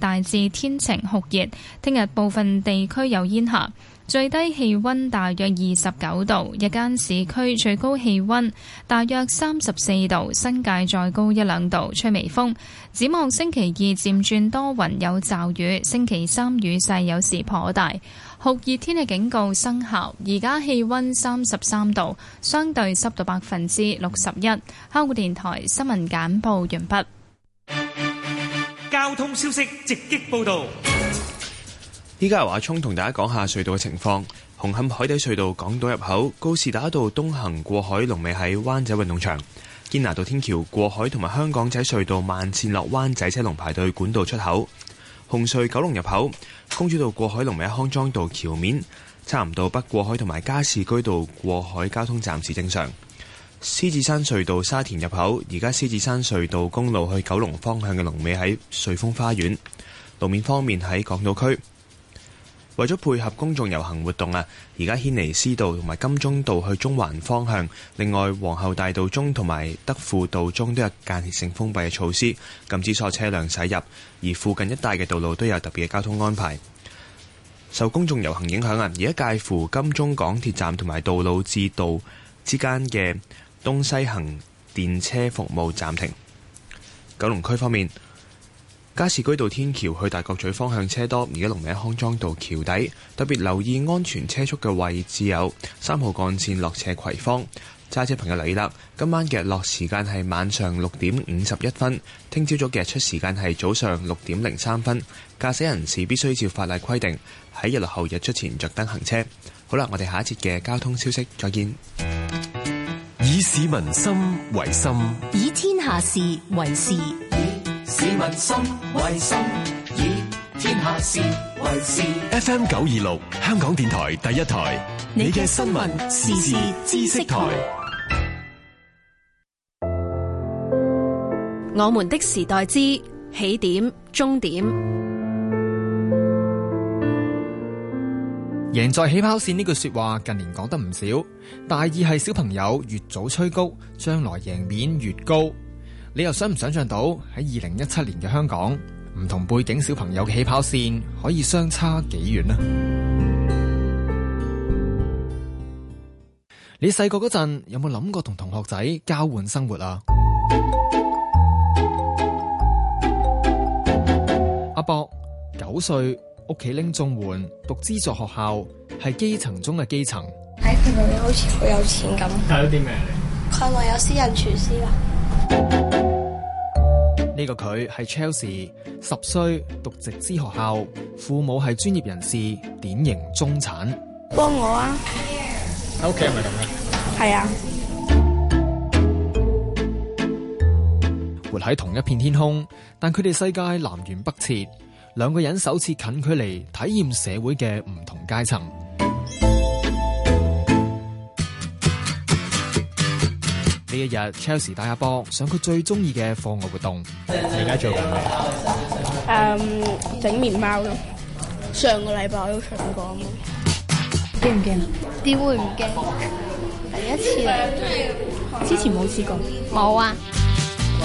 大致天晴酷熱，聽日部分地區有煙霞，最低氣溫大約二十九度，日間市區最高氣溫大約三十四度，新界再高一兩度，吹微風。展望星期二漸轉多雲有驟雨，星期三雨勢有時頗大，酷熱天氣警告生效。而家氣溫三十三度，相對濕度百分之六十一。香港電台新聞簡報完畢。交通消息直擊報道，依家由阿聰同大家講下隧道嘅情況。紅磡海底隧道港島入口、高士打道東行過海龍尾喺灣仔運動場；堅拿道天橋過海同埋香港仔隧道慢線落灣仔車龍排隊；管道出口紅隧九龍入口、公主道過海龍尾喺康莊道橋面；差唔多北過海同埋加士居道過海交通暫時正常。獅子山隧道沙田入口，而家獅子山隧道公路去九龍方向嘅龍尾喺瑞峰花園，路面方面喺港島區。為咗配合公眾遊行活動啊，而家軒尼詩道同埋金鐘道去中環方向，另外皇后大道中同埋德輔道中都有間歇性封閉嘅措施，禁止所有車輛駛入。而附近一帶嘅道路都有特別嘅交通安排。受公眾遊行影響啊，而家介乎金鐘港鐵站同埋道路至道之間嘅。東西行電車服務暫停。九龍區方面，加士居道天橋去大角咀方向車多，而家龍尾康莊道橋底。特別留意安全車速嘅位置有三號幹線落斜葵芳。揸車朋友留意啦。今晚嘅日落時間係晚上六點五十一分，聽朝早嘅日出時間係早上六點零三分。駕駛人士必須照法例規定喺日落後日出前着燈行車。好啦，我哋下一節嘅交通消息再見。以市民心為心，以天下事為事。以市民心為心，以天下事為事。FM 九二六，香港電台第一台，你嘅新聞，你的新聞時事知識台。我們的時代之起點，終點。贏在起跑線呢句說話近年講得唔少，大意係小朋友越早吹高，將來贏面越高。你又想唔想象到喺二零一七年嘅香港，唔同背景小朋友嘅起跑線可以相差幾遠呢？ 你細個嗰陣有冇諗過同同學仔交換生活啊？ 阿博九歲。屋企拎綜援，讀資助學校，係基層中嘅基層。喺佢度好似好有錢咁。睇到啲咩？佢話有私人廚師啦。呢個佢係 Chelsea 十歲讀直資學校，父母係專業人士，典型中產。幫我啊！喺屋企係咪咁樣啊？係啊。活喺同一片天空，但佢哋世界南轅北轍。兩個人首次近距離體驗社會嘅唔同階層。呢一日 Chelsea 帶阿波，上佢最中意嘅課外活動。而家做緊咩？誒，整麵包咯。上個禮拜我都上過，驚唔驚啊？點會唔驚？第一次，之前冇試過，冇啊。我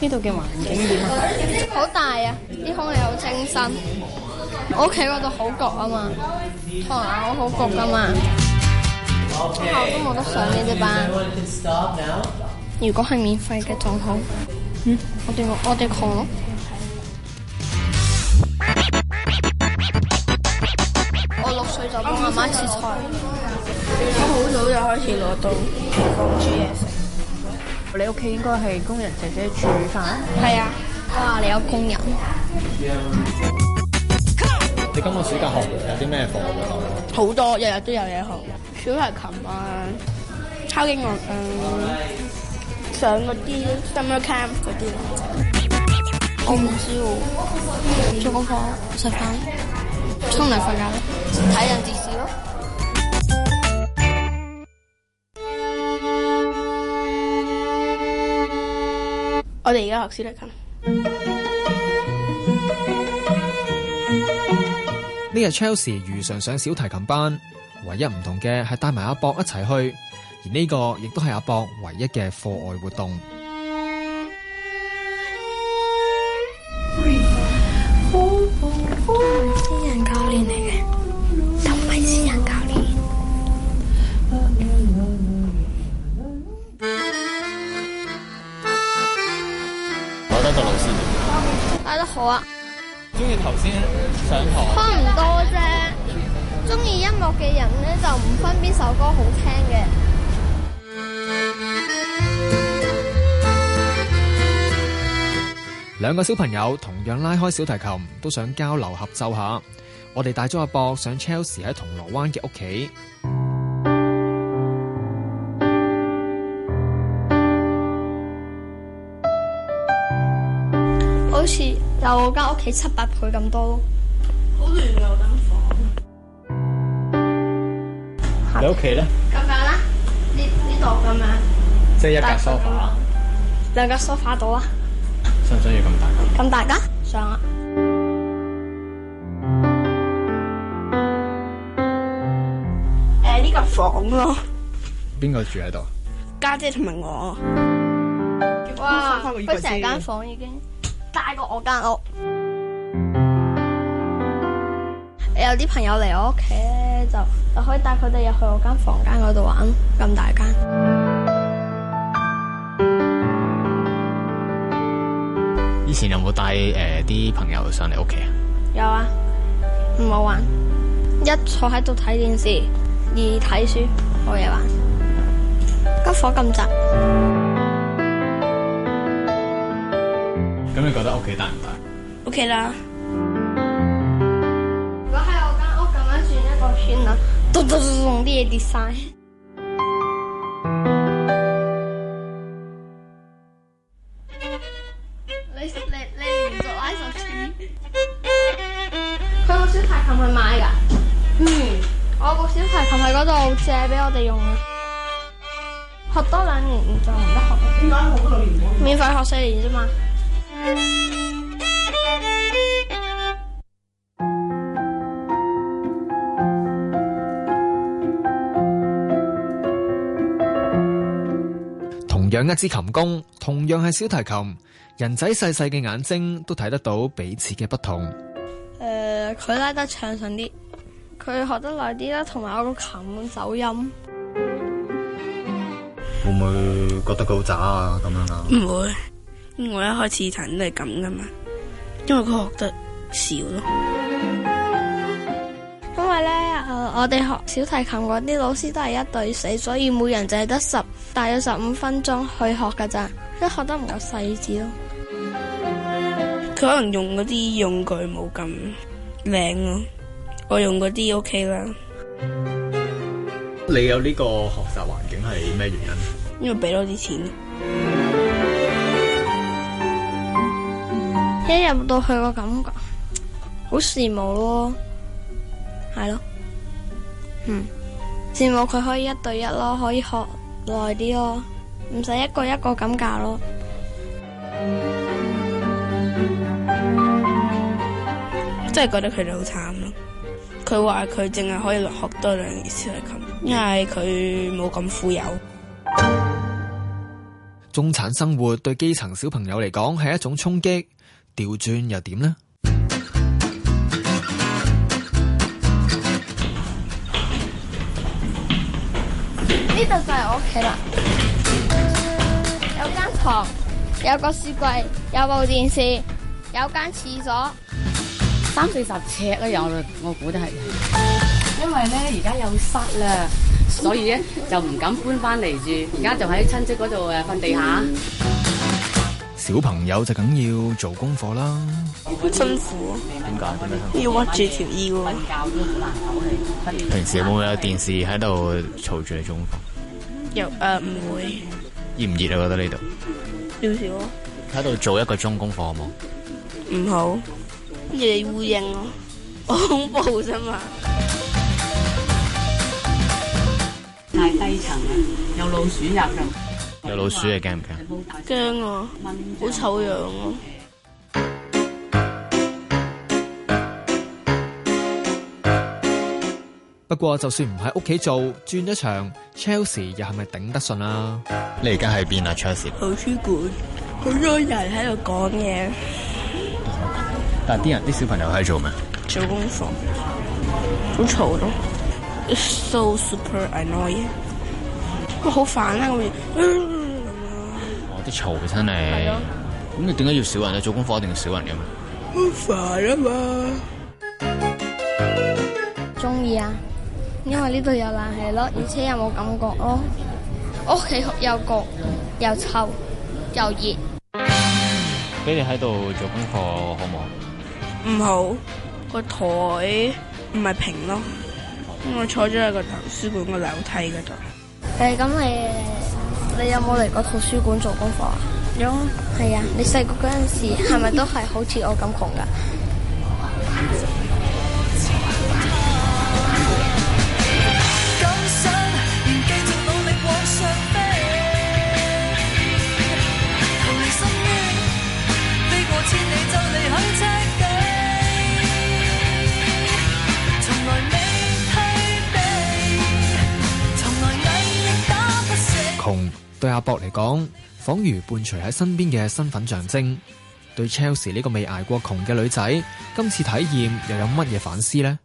呢度嘅環境點啊？好 大啊！啲空氣好清新。我屋企嗰度好焗啊嘛，同埋我好焗噶嘛。學校都冇得上呢啲班。如果係免費嘅仲好。嗯，我哋我哋窮。我，我，咯我六歲就幫媽媽切菜，啊、我好早就開始攞刀。嚟煮嘢食。你屋企應該係工人姐姐煮飯，係啊！是啊哇，你有工人。嗯、你今個暑假學啲咩課啊？有什麼好多，日日都有嘢學，小提琴啊，敲擊樂啊，嗯、上嗰啲 summer camp 嗰啲咯。我唔知喎，做功課、食飯、沖涼、瞓覺咯，睇人電視咯。我哋而家學小提琴。呢日 Chelsea 如常上，上小提琴班，唯一唔同嘅係帶埋阿博一齊去，而呢個亦都係阿博唯一嘅課外活動。頭先上堂，差唔多啫。中意音樂嘅人咧，就唔分邊首歌好聽嘅。兩個小朋友同樣拉開小提琴，都想交流合奏下。我哋帶咗阿博上 Chelsea 喺銅鑼灣嘅屋企。就我間屋企七八倍咁多咯，好亂啊！我間房。你屋企咧？咁樣啦，呢呢度咁樣。即係一間梳化。兩架梳化到啦。想唔想要咁大間？咁大噶？上啊。誒呢、欸這個房咯。邊個住喺度？家姐同埋我。哇！佢成間房間呢已經。帶過我間屋，有啲朋友嚟我屋企咧，就就可以帶佢哋入去我間房間嗰度玩，咁大間。以前有冇帶誒啲朋友上嚟屋企啊？有啊，唔好玩，一坐喺度睇電視，二睇書，冇嘢玩，間房咁窄。咁你覺得屋企大唔大？OK 啦了。如果喺我間屋咁樣轉一個圈啦、啊，嘟嘟嘟用啲嘢 design 你你你唔做拉手扇？佢 個小提琴係買㗎。嗯，我個小提琴喺嗰度借俾我哋用啊。學多兩年就唔得學的？點解我免費學四年啫嘛。養一支琴弓，同樣係小提琴。人仔細細嘅眼睛都睇得到彼此嘅不同。誒、呃，佢拉得暢順啲，佢學得耐啲啦，同埋我個琴走音，嗯、會唔會覺得佢好渣啊？咁樣啊？唔會，我一開始彈都係咁噶嘛，因為佢學得少咯。因為咧，誒，我哋學小提琴嗰啲老師都係一對四，所以每人就係得十大約十五分鐘去學噶咋，即學得唔夠細致咯。佢、嗯、可能用嗰啲用具冇咁靚咯，我用嗰啲 OK 啦。你有呢個學習環境係咩原因？因為俾多啲錢。一、嗯、入到去個感覺，好羨慕咯。係咯，嗯，羨慕佢可以一對一咯，可以學耐啲咯，唔使一個一個咁教咯， 我真係覺得佢哋好慘咯。佢話佢淨係可以學多兩年小提琴，因為佢冇咁富有。中產生活對基層小朋友嚟講係一種衝擊，調轉又點呢？呢度就係我屋企啦，有間床，有個書櫃，有部電視，有間廁所，三四十尺都有啦，我估得係。因為咧而家有蝨啦，所以咧就唔敢搬翻嚟住，而家仲喺親戚嗰度誒瞓地下。小朋友就梗要做功課啦。辛苦，啊、辛苦，點解要屈住條腰？平時有冇有電視喺度嘈住你功課又誒唔、呃、會熱唔熱？你覺得呢度少少喺度做一個鐘功課好唔好？唔好、啊，因為烏蠅咯，好恐怖啫、啊、嘛！太低層啦，有老鼠入噶。有老鼠你驚唔驚？驚啊，好醜樣啊！不過就算唔喺屋企做，轉咗場，Chelsea 又係咪頂得順啦？你而家喺邊啊？Chelsea？圖書館，好多人喺度講嘢。但係啲人啲小朋友喺度做咩做功課，好嘈咯，It's so super annoying，好煩、哦、啊！我哋，我啲嘈嘅親你。咁你點解要少人咧？做功課一定要少人嘅？好煩啊嘛。中意。啊。因為呢度有冷氣咯，而且又冇感覺咯。屋、oh. 企、oh, 又焗又臭又熱。俾你喺度做功課好唔好？唔好，個台唔係平咯，我坐咗喺個圖書館個樓梯嗰度。誒、欸，咁你你有冇嚟過圖書館做功課啊？有。係啊，你細個嗰陣時係咪都係好似我咁窮噶？ 對阿博嚟講，仿如伴隨喺身邊嘅身份象徵。對 Chelsea 呢個未捱過窮嘅女仔，今次體驗又有乜嘢反思呢？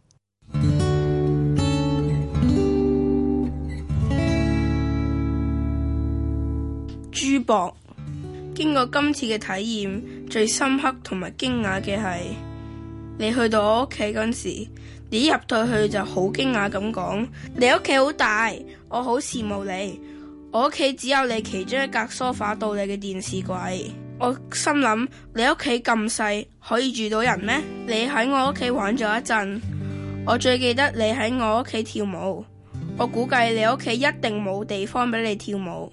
朱博，經過今次嘅體驗，最深刻同埋驚訝嘅係，你去到我屋企嗰陣時，你一入到去就好驚訝咁講，你屋企好大，我好羨慕你。我屋企只有你其中一格梳化到你嘅電視櫃，我心諗，你屋企咁細可以住到人咩？你喺我屋企玩咗一陣，我最記得你喺我屋企跳舞。我估計你屋企一定冇地方俾你跳舞。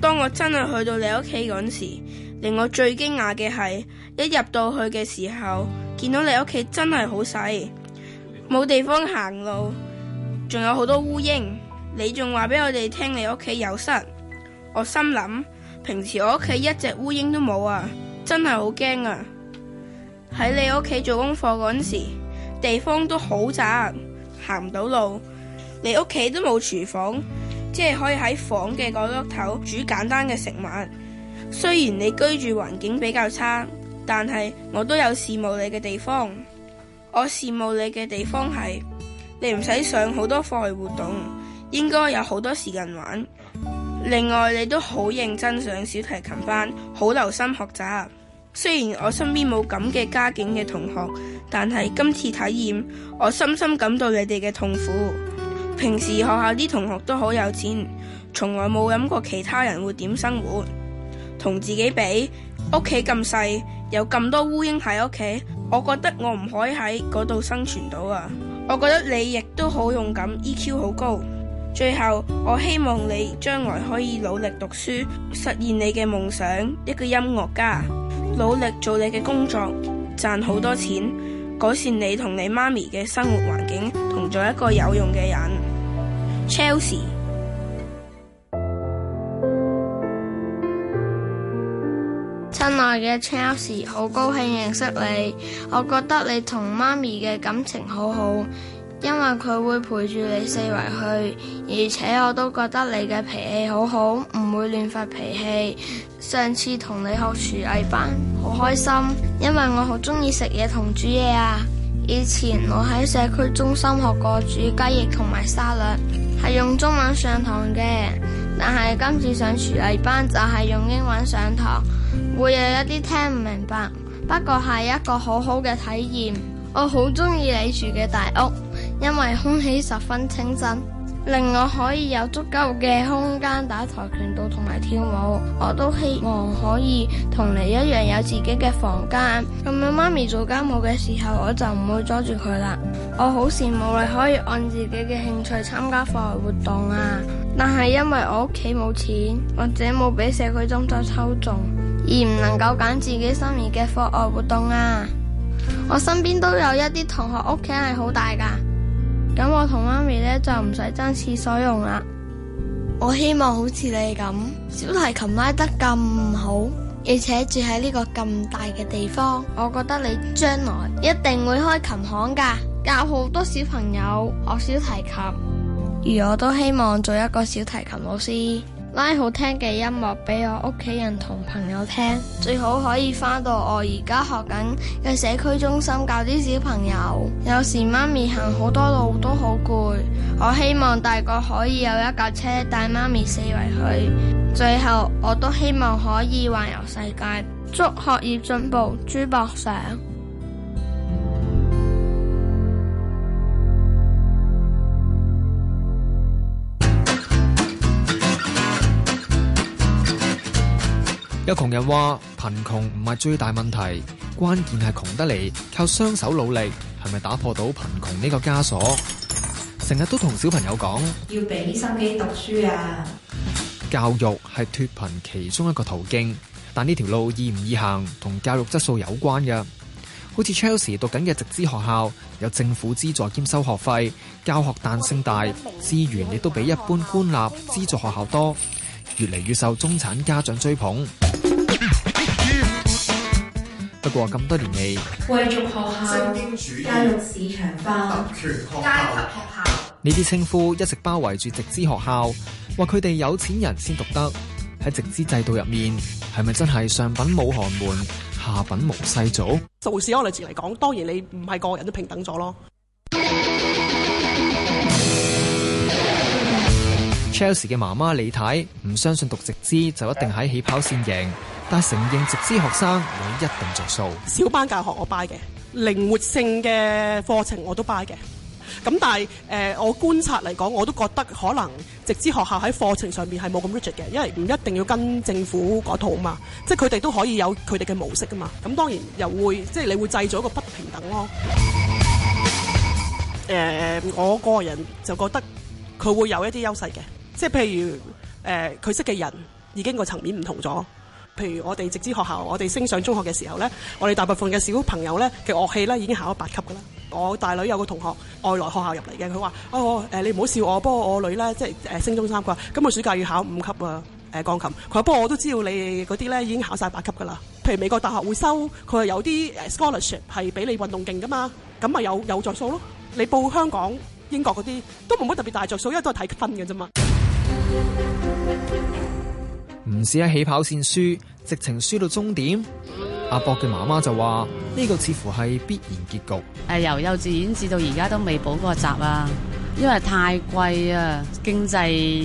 當我真係去到你屋企嗰時，令我最驚訝嘅係一入到去嘅時候，見到你屋企真係好細，冇地方行路，仲有好多烏蠅。你仲話俾我哋聽你屋企有虱。我心諗平時我屋企一隻烏蠅都冇啊，真係好驚啊！喺你屋企做功課嗰陣時，地方都好窄，行唔到路，你屋企都冇廚房，即係可以喺房嘅角落頭煮簡單嘅食物。雖然你居住環境比較差，但係我都有羨慕你嘅地方。我羨慕你嘅地方係你唔使上好多課外活動。應該有好多時間玩。另外，你都好認真上小提琴班，好留心學習。雖然我身邊冇咁嘅家境嘅同學，但係今次體驗，我深深感到你哋嘅痛苦。平時學校啲同學都好有錢，從來冇諗過其他人會點生活，同自己比，屋企咁細，有咁多烏蠅喺屋企，我覺得我唔可以喺嗰度生存到啊！我覺得你亦都好勇敢，EQ 好高。最後，我希望你將來可以努力讀書，實現你嘅夢想，一個音樂家。努力做你嘅工作，賺好多錢，改善你同你媽咪嘅生活環境，同做一個有用嘅人。Chelsea，親愛嘅 Chelsea，好高興認識你。我覺得你同媽咪嘅感情好好。因為佢會陪住你四圍去，而且我都覺得你嘅脾氣好好，唔會亂發脾氣。上次同你學廚藝班，好開心，因為我好中意食嘢同煮嘢啊。以前我喺社區中心學過煮雞翼同埋沙律，係用中文上堂嘅，但係今次上廚藝班就係用英文上堂，會有一啲聽唔明白，不過係一個好好嘅體驗。我好中意你住嘅大屋。因為空氣十分清新，令我可以有足夠嘅空間打跆拳道同埋跳舞。我都希望可以同你一樣有自己嘅房間，咁樣媽咪做家務嘅時候我就唔會阻住佢啦。我好羨慕你可以按自己嘅興趣參加課外活動啊！但係因為我屋企冇錢，或者冇俾社區中心抽中，而唔能夠揀自己心儀嘅課外活動啊！我身邊都有一啲同學屋企係好大噶。咁我同媽咪咧就唔使爭廁所用啦。我希望好似你咁小提琴拉得咁好，而且住喺呢個咁大嘅地方，我覺得你將來一定會開琴行㗎，教好多小朋友學小提琴。而我都希望做一個小提琴老師。拉好聽嘅音樂俾我屋企人同朋友聽，最好可以返到我而家學緊嘅社區中心，教啲小朋友。有時媽咪行好多路都好攰，我希望大個可以有一架車帶媽咪四圍去。最後我都希望可以環遊世界。祝學業進步，朱博上。有窮人話貧窮唔係最大問題，關鍵係窮得嚟，靠雙手努力係咪打破到貧窮呢個枷鎖？成日都同小朋友講要俾心機讀書啊！教育係脫貧其中一個途徑，但呢條路易唔易行，同教育質素有關嘅。好似 Chelsea 讀緊嘅直資學校有政府資助兼收學費，教學彈性大，資源亦都比一般官立資助學校多，越嚟越受中產家長追捧。不過咁多年嚟，貴族學校、教育市場化、特權學校呢啲稱呼一直包圍住直資學校，話佢哋有錢人先讀得。喺直資制度入面，係咪真係上品冇寒門，下品無世族？就視案例嚟講，當然你唔係個人都平等咗咯。Chelsea 嘅媽媽李太唔相信讀直資就一定喺起跑線贏。但承認直資學生有一定著數，小班教學我 buy 嘅，靈活性嘅課程我都 buy 嘅。咁但係誒、呃，我觀察嚟講，我都覺得可能直資學校喺課程上面係冇咁 rigid 嘅，因為唔一定要跟政府嗰套啊嘛。即係佢哋都可以有佢哋嘅模式啊嘛。咁當然又會即係你會製造一個不平等咯。誒、呃，我個人就覺得佢會有一啲優勢嘅，即係譬如誒，佢、呃、識嘅人已經個層面唔同咗。譬如我哋直資學校，我哋升上中學嘅時候咧，我哋大部分嘅小朋友咧嘅樂器咧已經考咗八級噶啦。我大女有個同學外來學校入嚟嘅，佢話：哦誒，你唔好笑我，不過我女咧即係、呃、升中三㗎。咁今暑假要考五級啊誒鋼琴。佢話：不過我都知道你嗰啲咧已經考晒八級噶啦。譬如美國大學會收佢係有啲 scholarship 係畀你運動勁噶嘛，咁咪有有著數咯。你報香港、英國嗰啲都冇乜特別大著數，因為都係睇分嘅啫嘛。音樂音樂音樂唔止喺起跑線輸，直情輸到終點。阿博嘅媽媽就話：呢個似乎係必然結局。誒，由幼稚園至到而家都未補過習啊，因為太貴啊，經濟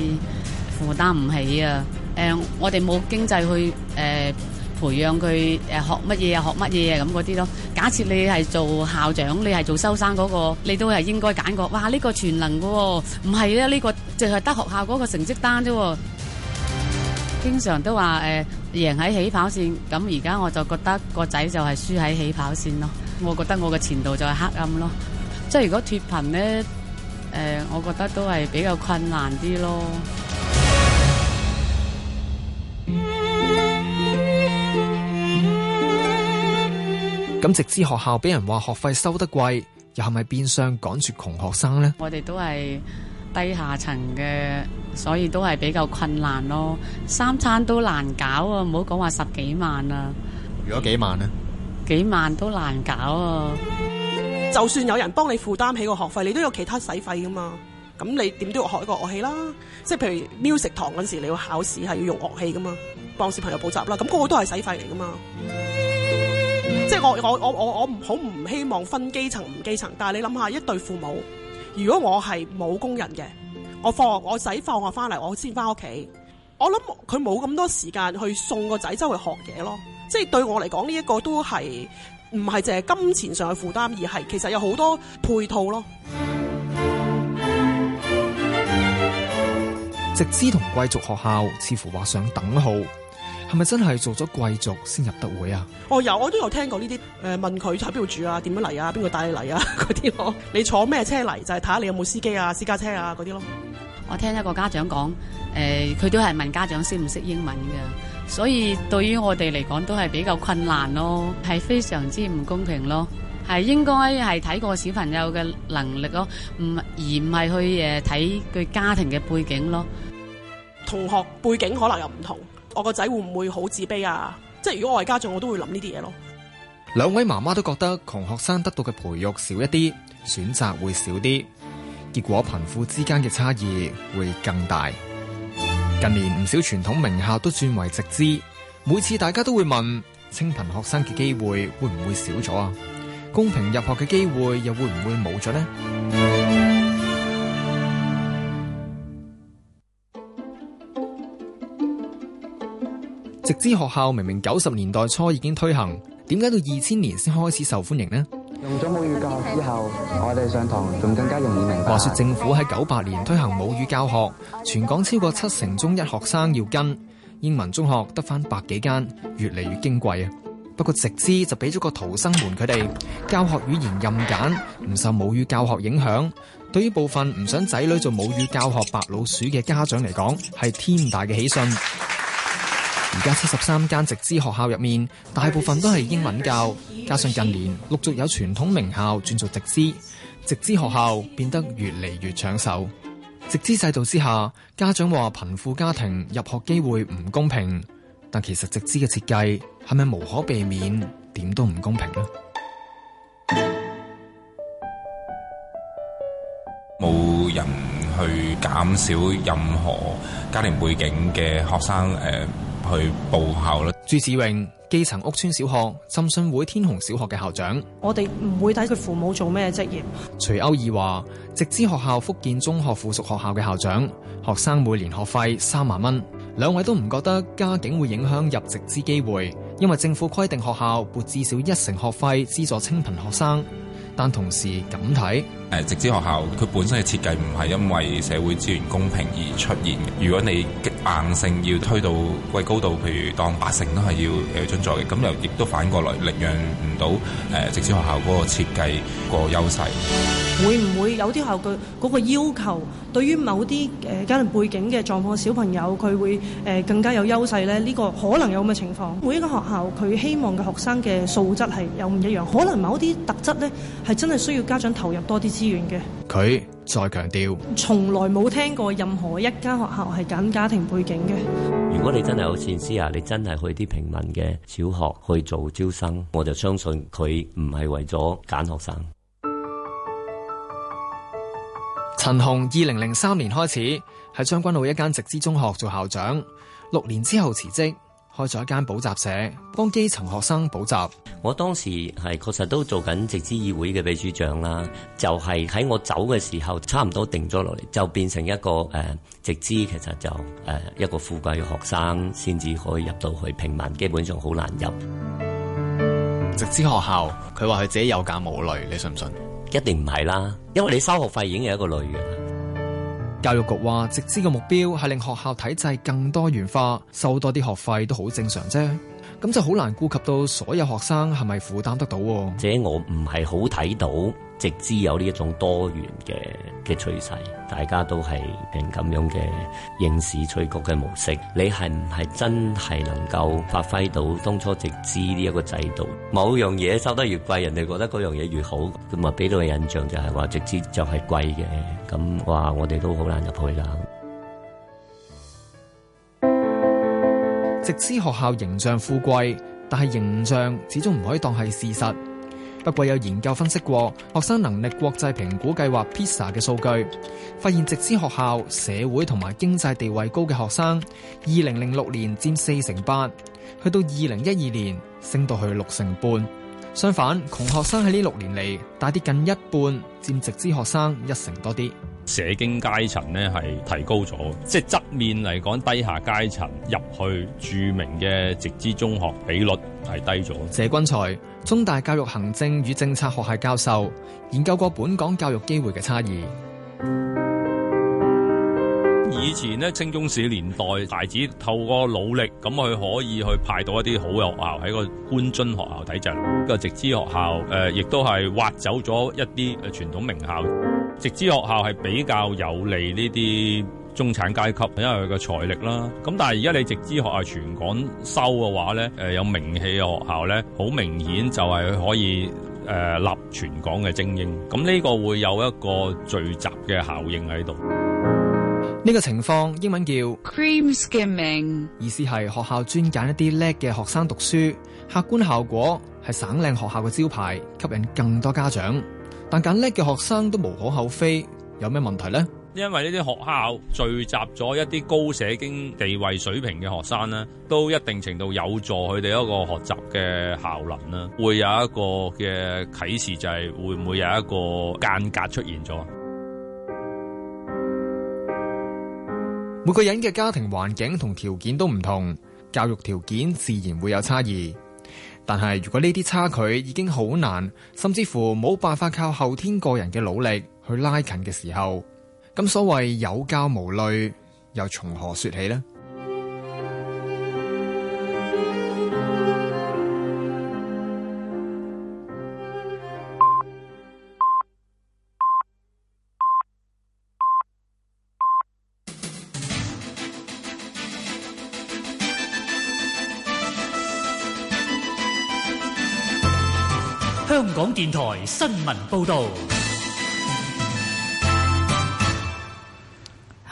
負擔唔起啊。誒，我哋冇經濟去誒培養佢誒學乜嘢啊，學乜嘢啊咁嗰啲咯。假設你係做校長，你係做收生嗰個，你都係應該揀個哇呢個全能嘅，唔係啊，呢個淨係得學校嗰個成績單啫。經常都話誒，贏、呃、喺起跑線，咁而家我就覺得個仔就係輸喺起跑線咯。我覺得我嘅前途就係黑暗咯。即係如果脫貧咧，誒、呃，我覺得都係比較困難啲咯。咁直資學校俾人話學費收得貴，又係咪變相趕住窮學生咧？我哋都係。低下層嘅，所以都係比較困難咯。三餐都難搞啊，唔好講話十幾萬啊。如果幾萬啊？幾萬都難搞啊。就算有人幫你負擔起個學費，你都有其他使費噶嘛。咁你點都要學一個樂器啦。即係譬如 music 堂嗰陣時候，你要考試係要用樂器噶嘛，幫小朋友補習啦。咁嗰個都係使費嚟噶嘛。即係我我我我我唔好唔希望分基層唔基層，但係你諗下一對父母。如果我係冇工人嘅，我放學我仔放學翻嚟，我先翻屋企。我諗佢冇咁多時間去送個仔周圍學嘢咯。即係對我嚟講，呢一個都係唔係淨係金錢上嘅負擔，而係其實有好多配套咯。直資同貴族學校似乎畫上等號。係咪真係做咗貴族先入得會啊？我、哦、有，我都有聽過呢啲。誒、呃，問佢喺邊度住啊？點樣嚟啊？邊個帶你嚟啊？嗰啲咯。你坐咩車嚟？就係睇下你有冇司機啊、私家車啊嗰啲咯。我聽一個家長講，誒、呃，佢都係問家長識唔識英文㗎。所以對於我哋嚟講都係比較困難咯，係非常之唔公平咯，係應該係睇個小朋友嘅能力咯，唔而唔係去誒睇佢家庭嘅背景咯。同學背景可能又唔同。我個仔會唔會好自卑啊？即係如果我係家長，我都會諗呢啲嘢咯。兩位媽媽都覺得窮學生得到嘅培育少一啲，選擇會少啲，結果貧富之間嘅差異會更大。近年唔少傳統名校都轉為直資，每次大家都會問，清貧學生嘅機會會唔會少咗啊？公平入學嘅機會又會唔會冇咗呢？直資學校明明九十年代初已經推行，點解到二千年先開始受歡迎呢？用咗母語教學之後，我哋上堂仲更加容易明白。話說政府喺九八年推行母語教學，全港超過七成中一學生要跟英文中學，得返百幾間，越嚟越矜貴啊！不過直資就俾咗個逃生門，佢哋教學語言任揀，唔受母語教學影響。對於部分唔想仔女做母語教學白老鼠嘅家長嚟講，係天大嘅喜訊。而家七十三間直資學校入面，大部分都係英文教，加上近年陸續有傳統名校轉做直資，直資學校變得越嚟越搶手。直資制度之下，家長話貧富家庭入學機會唔公平，但其實直資嘅設計係咪無可避免點都唔公平呢？冇人去減少任何家庭背景嘅學生誒。呃去報校啦！朱志榮，基層屋村小學浸信會天虹小學嘅校長，我哋唔會睇佢父母做咩職業。徐歐爾話，直資學校福建中學附屬學校嘅校長，學生每年學費三萬蚊。兩位都唔覺得家境會影響入直資機會，因為政府規定學校撥至少一成學費資助清貧學生，但同時咁睇。誒，直資學校佢本身嘅設計唔係因為社會資源公平而出現嘅。如果你硬性要推到貴高度，譬如當八成都係要誒存在嘅，咁又亦都反過來力量唔到誒直資學校個設計、嗰個優勢。會唔會有啲學校佢個要求，對於某啲誒家庭背景嘅狀況嘅小朋友，佢會誒、呃、更加有優勢咧？呢、呢個可能有咁嘅情況。每一個學校佢希望嘅學生嘅素質係有唔一樣，可能某啲特質咧係真係需要家長投入多啲。資源嘅，佢再強調，從來冇聽過任何一間學校係揀家庭背景嘅。如果你真係有善心啊，你真係去啲平民嘅小學去做招生，我就相信佢唔係為咗揀學生。陳紅二零零三年開始喺將軍澳一間直資中學做校長，六年之後辭職。開咗一間補習社，幫基層學生補習。我當時係確實都做緊直資議會嘅秘書長啦，就係、是、喺我走嘅時候，差唔多定咗落嚟，就變成一個誒、呃、直資，其實就誒、呃、一個富貴嘅學生先至可以入到去，平民基本上好難入。直資學校，佢話佢自己有教無類，你信唔信？一定唔係啦，因為你收學費已經係一個類嘅。教育局話，直資嘅目標係令學校體制更多元化，收多啲學費都好正常啫。咁就好難顧及到所有學生係咪負擔得到。這我唔係好睇到。直資有呢一種多元嘅嘅趨勢，大家都係用咁樣嘅應試催谷嘅模式。你係唔係真係能夠發揮到當初直資呢一個制度？某樣嘢收得越貴，人哋覺得嗰樣嘢越好，咁埋俾到嘅印象就係、是、話直資就係貴嘅。咁哇，我哋都好難入去啦。直資學校形象富貴，但係形象始終唔可以當係事實。不過有研究分析過學生能力國際評估計劃 PISA 嘅數據，發現直資學校社會同埋經濟地位高嘅學生，二零零六年佔四成八，去到二零一二年升到去六成半。相反，窮學生喺呢六年嚟，大跌近一半，佔直資學生一成多啲。社經階層呢係提高咗，即係側面嚟講，低下階層入去著名嘅直資中學比率係低咗。謝君才。中大教育行政與政策學系教授，研究過本港教育機會嘅差異。以前呢，升中試年代，孩子透過努力咁去可以去派到一啲好嘅學校喺個官津學校體制，個直資學校，誒、呃，亦都係挖走咗一啲傳統名校。直資學校係比較有利呢啲。中產階級，因為佢嘅財力啦。咁但係而家你直資學校全港收嘅話咧，誒有名氣嘅學校咧，好明顯就係可以誒立全港嘅精英。咁呢個會有一個聚集嘅效應喺度。呢個情況英文叫 cream skimming，意思係學校專揀一啲叻嘅學生讀書。客觀效果係省靚學校嘅招牌，吸引更多家長。但揀叻嘅學生都無可厚非，有咩問題咧？因為呢啲學校聚集咗一啲高社經地位水平嘅學生呢，都一定程度有助佢哋一個學習嘅效能啦。會有一個嘅啟示就係會唔會有一個間隔出現咗？每個人嘅家庭環境同條件都唔同，教育條件自然會有差異。但係如果呢啲差距已經好難，甚至乎冇辦法靠後天個人嘅努力去拉近嘅時候。咁所謂有教無類，又從何說起呢？香港電台新聞報導。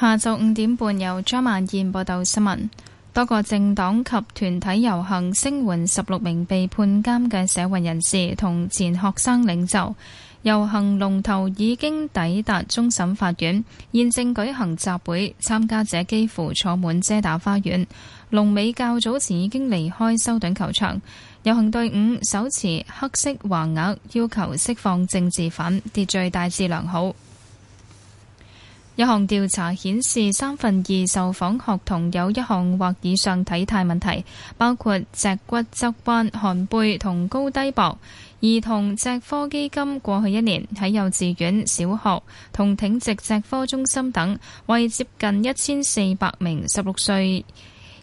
下晝五點半，由張曼燕報道新聞。多個政黨及團體遊行聲援十六名被判監嘅社運人士同前學生領袖。遊行龍頭已經抵達終審法院，現正舉行集會，參加者幾乎坐滿遮打花園。龍尾較早前已經離開修頓球場。遊行隊伍手持黑色橫額，要求釋放政治犯，秩序大致良好。一項調查顯示，三分二受訪學童有一項或以上體態問題，包括脊骨側彎、寒背同高低膊。兒童脊科基金過去一年喺幼稚園小學同挺直脊科中心等，為接近一千四百名十六歲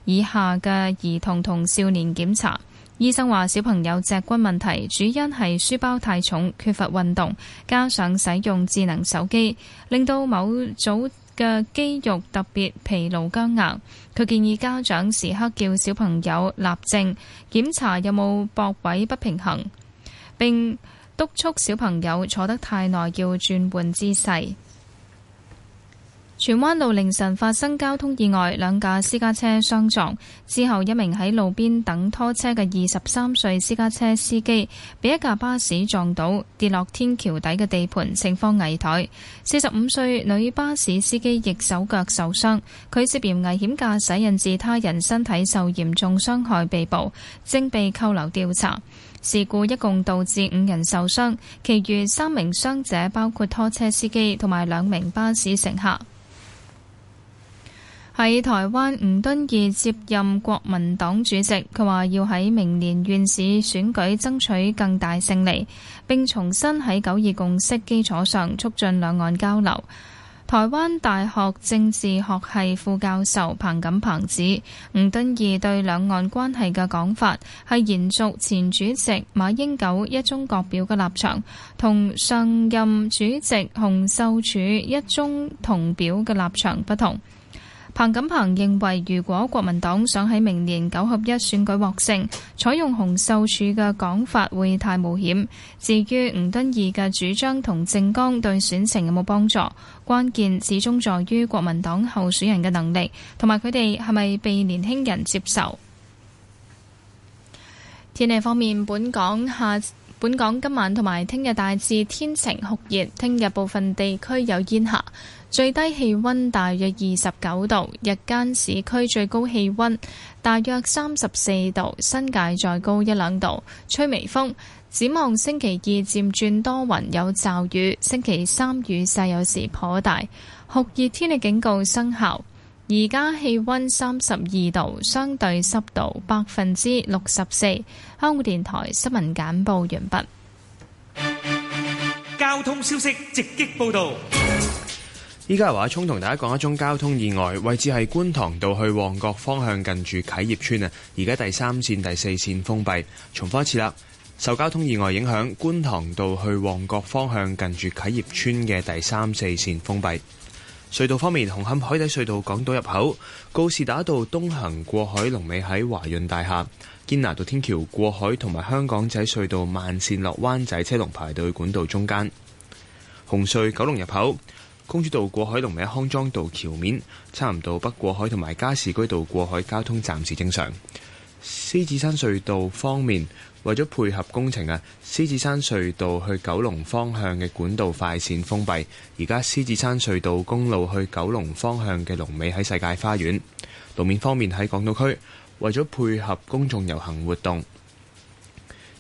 以下嘅兒童同少年檢查。醫生話：小朋友脊骨問題主因係書包太重、缺乏運動，加上使用智能手機，令到某組嘅肌肉特別疲勞僵硬。佢建議家長時刻叫小朋友立正，檢查有冇膊位不平衡，並督促小朋友坐得太耐要轉換姿勢。荃灣路凌晨發生交通意外，兩架私家車相撞之後，一名喺路邊等拖車嘅二十三歲私家車司機被一架巴士撞倒，跌落天橋底嘅地盤，情況危殆。四十五歲女巴士司機亦手腳受傷，佢涉嫌危險駕駛，引致他人身體受嚴重傷害，被捕，正被扣留調查。事故一共導致五人受傷，其餘三名傷者包括拖車司機同埋兩名巴士乘客。喺台灣，吳敦義接任國民黨主席，佢話要喺明年院士選舉爭取更大勝利，並重新喺九二共識基礎上促進兩岸交流。台灣大學政治學系副教授彭錦鵬，鵬指，吳敦義對兩岸關係嘅講法係延續前主席馬英九一中各表嘅立場，同上任主席洪秀柱一中同表嘅立場不同。彭錦鵬認為，如果國民黨想喺明年九合一選舉獲勝，採用洪秀柱嘅講法會太冒險。至於吳敦義嘅主張同政綱對選情有冇幫助，關鍵始終在於國民黨候選人嘅能力，同埋佢哋係咪被年輕人接受。天氣方面，本港下本港今晚同埋聽日大致天晴酷熱，聽日部分地區有煙霞。最低氣溫大約二十九度，日間市區最高氣溫大約三十四度，新界再高一兩度，吹微風。展望星期二漸轉多雲有驟雨，星期三雨勢有時頗大，酷熱天氣警告生效。而家氣溫三十二度，相對濕度百分之六十四。香港電台新聞簡報完畢。交通消息直擊報道。依家由阿聰同大家講一宗交通意外，位置係觀塘道去旺角方向近住啟業村啊。而家第三線、第四線封閉，重複一次啦。受交通意外影響，觀塘道去旺角方向近住啟業村嘅第三、四線封閉。隧道方面，紅磡海底隧道港島入口、告士打道東行過海龍尾喺華潤大廈堅拿道天橋過海同埋香港仔隧道慢線落灣仔，車龍排隊管道中間紅隧九龍入口。公主道過海龍尾康莊道橋面，差唔多北過海同埋加士居道過海交通暫時正常。獅子山隧道方面，為咗配合工程啊，獅子山隧道去九龍方向嘅管道快線封閉，而家獅子山隧道公路去九龍方向嘅龍尾喺世界花園，路面方面喺港島區，為咗配合公眾遊行活動。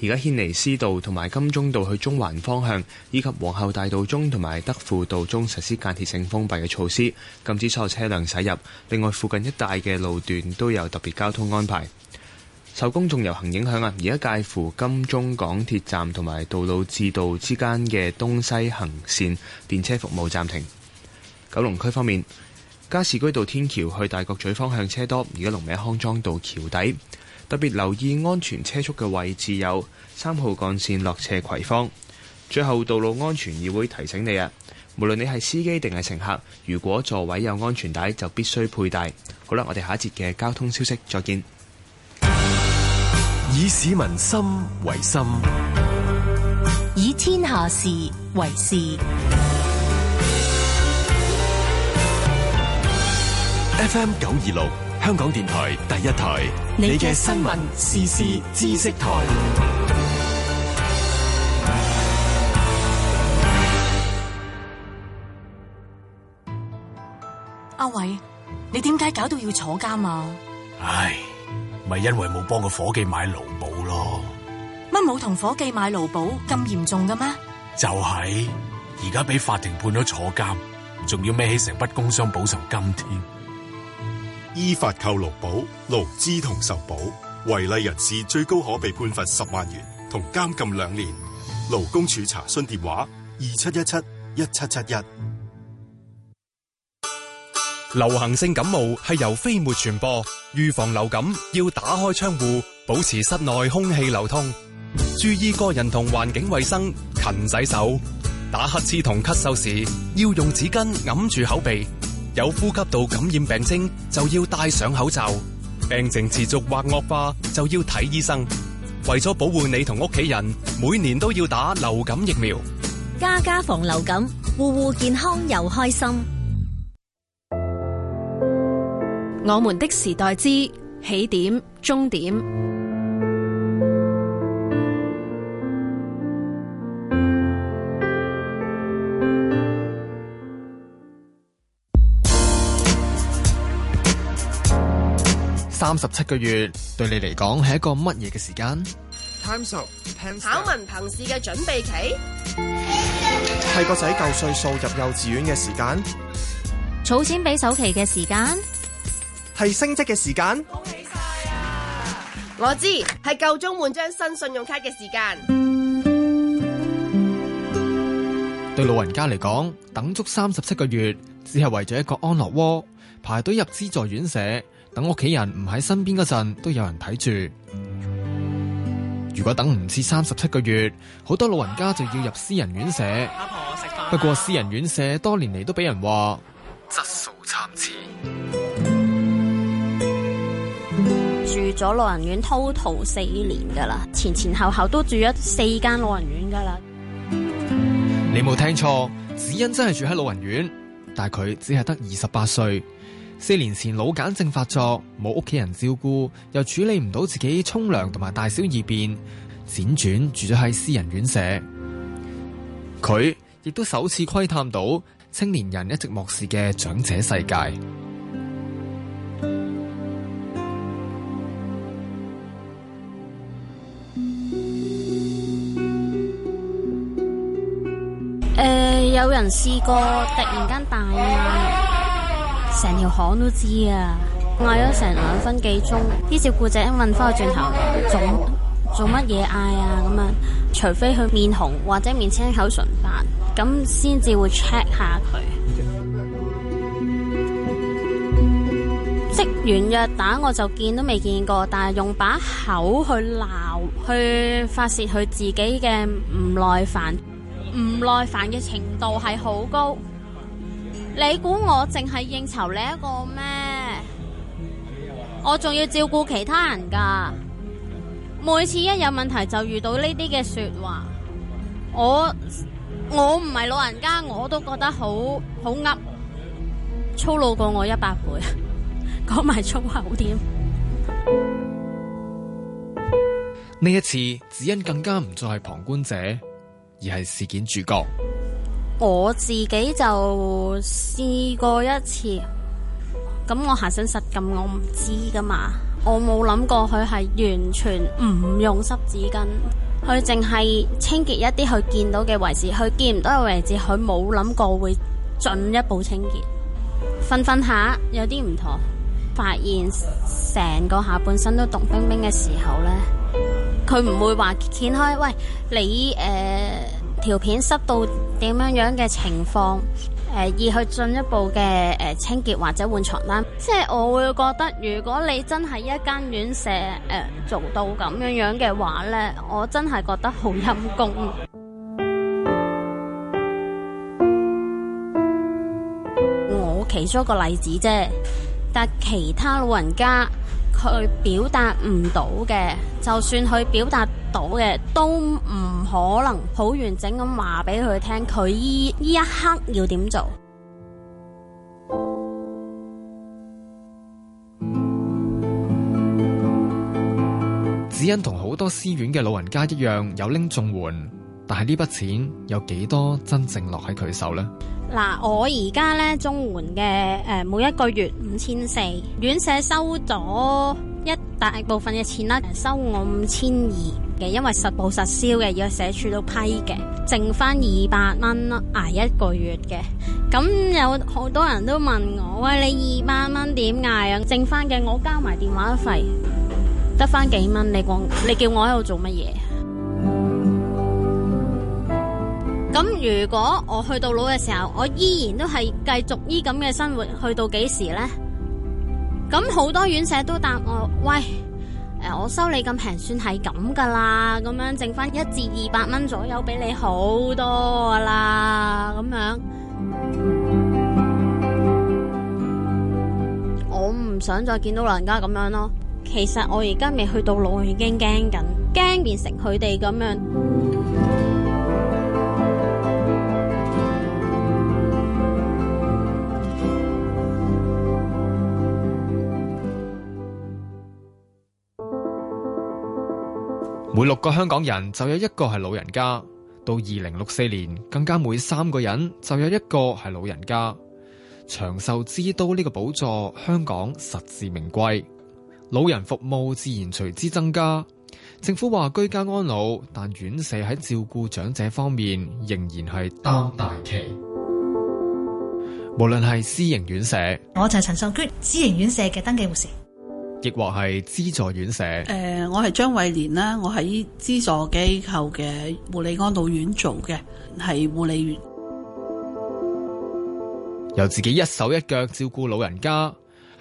而家軒尼詩道同埋金鐘道去中環方向，以及皇后大道中同埋德輔道中實施間歇性封閉嘅措施，禁止所有車輛駛入。另外，附近一帶嘅路段都有特別交通安排。受公眾遊行影響啊，而家介乎金鐘港鐵站同埋道路至道之間嘅東西行線電車服務暫停。九龍區方面，加士居道天橋去大角咀方向車多，而家龍尾康莊道橋底。特別留意安全車速嘅位置有三號幹線落斜葵芳。最後，道路安全議會提醒你啊，無論你係司機定係乘客，如果座位有安全帶，就必須佩戴。好啦，我哋下一節嘅交通消息再見。以市民心為心，以天下事為事。FM 九二六。香港電台第一台，你嘅新聞時事知識台。識台阿偉，你點解搞到要坐監啊？唉，咪、就是、因為冇幫個計勞伙計買勞保咯。乜冇同伙計買勞保咁嚴重嘅咩？就係而家俾法庭判咗坐監，仲要孭起成筆工傷補償金添。依法扣勞保，勞資同受保。違例人士最高可被判罰十萬元，同監禁兩年。勞工處查詢電話：二七一七一七七一。流行性感冒係由飛沫傳播，預防流感要打開窗戶，保持室內空氣流通，注意個人同環境衛生，勤洗手。打乞嗤同咳嗽時要用紙巾揞住口鼻。有呼吸道感染病徵就要戴上口罩，病情持續或惡化就要睇醫生。為咗保護你同屋企人，每年都要打流感疫苗。家家防流感，戶戶健康又開心。我們的時代之起點，終點。三十七個月對你嚟講係一個乜嘢嘅時間？time, for, Time for. 考文憑試嘅準備期，係個仔夠歲數入幼稚園嘅時間，儲錢俾首期嘅時間，係升職嘅時間。恭喜晒啊。我知係夠鐘換張新信用卡嘅時間。對老人家嚟講，等足三十七個月，只係為咗一個安樂窩，排隊入資助院舍。等屋企人唔喺身邊嗰陣，都有人睇住。如果等唔切三十七個月，好多老人家就要入私人院舍。婆婆，不過私人院舍多年嚟都俾人話質素參差。住咗老人院 total 四年噶啦，前前後後都住咗四間老人院噶啦。你冇聽錯，子欣真係住喺老人院，但係佢只係得二十八歲。四年前腦癇症發作，冇屋企人照顧，又處理唔到自己沖涼同埋大小二便，輾轉住咗喺私人院舍。佢亦都首次窺探到青年人一直漠視嘅長者世界。誒、呃，有人試過突然間大。成條巷都知啊！嗌咗成兩分幾鐘，啲照顧者問翻轉頭，做做乜嘢嗌啊？咁樣，除非佢面紅或者面青口唇發，咁先至會 check 下佢。職員虐打我就見都未見過，但係用把口去鬧，去發洩佢自己嘅唔耐煩，唔耐煩嘅程度係好高。你估我淨係應酬你一個咩？我仲要照顧其他人㗎。每次一有問題就遇到呢啲嘅說話，我我唔係老人家，我都覺得好好噏，粗魯過我一百倍，講埋粗口添。呢一次，子欣更加唔再係旁觀者，而係事件主角。我自己就試過一次，咁我下身實咁，我唔知㗎嘛，我冇諗過佢係完全唔用濕紙巾，佢淨係清潔一啲佢見到嘅位置，佢見唔到嘅位置，佢冇諗過會進一步清潔。瞓瞓下有啲唔妥，發現成個下半身都凍冰冰嘅時候呢，佢唔會話掀開，喂，你誒。呃條片濕到點樣樣嘅情況，誒、呃，而去進一步嘅誒、呃、清潔或者換床單，即係我會覺得，如果你真係一間院舍誒、呃、做到咁樣樣嘅話呢，我真係覺得好陰功。 我其中一個例子啫，但其他老人家。佢表達唔到嘅，就算佢表達到嘅，都唔可能好完整咁話俾佢聽。佢依呢一刻要點做？子欣同好多私院嘅老人家一樣，有拎綜援。但係呢筆錢有幾多真正落喺佢手呢？嗱，我而家呢綜援嘅誒，每一個月五千四，院舍收咗一大部分嘅錢啦，收我五千二嘅，因為實報實銷嘅，要喺社署都批嘅，剩翻二百蚊啦，挨一個月嘅。咁有好多人都問我喂，你二百蚊點挨啊？剩翻嘅我交埋電話費，得翻幾蚊？你講，你叫我喺度做乜嘢？咁如果我去到老嘅時候，我依然都係繼續依咁嘅生活，去到幾時呢？咁好多院舍都答我，喂，我收你咁平，算係咁噶啦。咁樣剩翻一至二百蚊左右俾你，好多噶啦，咁樣。我唔想再見到老人家咁樣咯。其實我而家未去到老，已經驚緊，驚變成佢哋咁樣。每六個香港人就有一個係老人家，到二零六四年更加每三個人就有一個係老人家。長壽之都呢個寶座，香港實至名歸，老人服務自然隨之增加。政府話居家安老，但院舍喺照顧長者方面仍然係擔大旗。 無論係私營院舍，我就係陳秀娟，私營院舍嘅登記護士。亦或係資助院舍？誒，我係張慧蓮啦，我喺資助機構嘅護理安老院做嘅，係護理員，由自己一手一腳照顧老人家。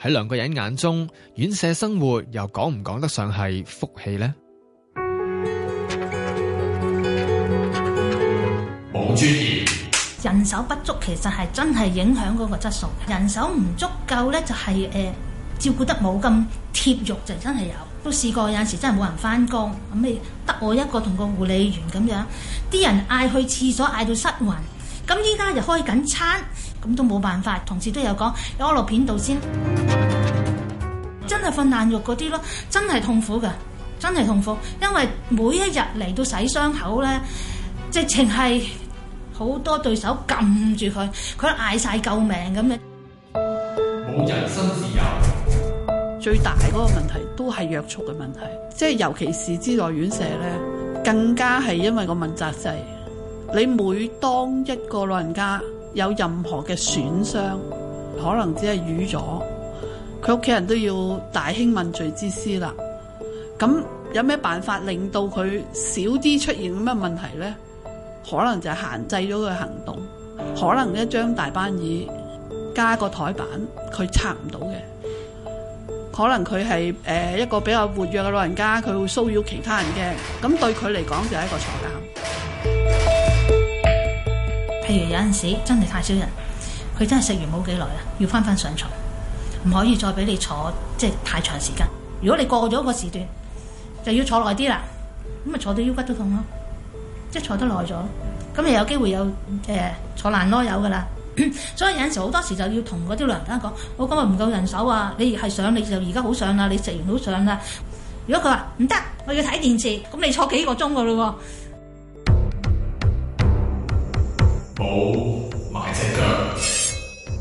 喺兩個人眼中，院舍生活又講唔講得上係福氣呢？冇專業，人手不足，就是，其實係真係影響嗰個質素。人手唔足夠咧，就係誒。照顧得冇咁貼肉就真係有，都試過有陣時真係冇人翻工咁，你得我一個同個護理員咁樣，啲人嗌去廁所嗌到失魂，咁依家又開緊餐，咁都冇辦法。同事都有講，有我落片度先，真係瞓爛肉嗰啲咯，真係痛苦嘅，真係痛苦，因為每一日嚟到洗傷口咧，直情係好多對手撳住佢，佢嗌晒救命咁樣，冇人身自由。最大嗰個問題都係約束嘅問題，即係尤其是資助院舍咧，更加係因為個問責制。你每當一個老人家有任何嘅損傷，可能只係瘀咗，佢屋企人都要大興問罪之師啦。咁有咩辦法令到佢少啲出現咁嘅問題咧？可能就係限制咗佢行動，可能一張大班椅加個台板，佢撐唔到嘅。可能佢係誒一個比較活躍嘅老人家，佢會騷擾其他人嘅，咁對佢嚟講就係一個坐監。譬如有陣時真係太少人，佢真係食完冇幾耐啊，要返返上床，唔可以再俾你坐即係、就是、太長時間。如果你過咗個時段，就要坐耐啲啦，咁咪坐到腰骨都痛咯，即係坐得耐咗，咁又有機會有誒、呃、坐爛籮柚噶啦。 所以有陣時好多時候就要同嗰啲老人家講，我、oh, 今日唔夠人手啊！你係上你就而家好上啦，啊，你食完好上啦，啊。如果佢話唔得，我要睇電視，咁你坐幾個鐘噶咯喎。埋隻腳，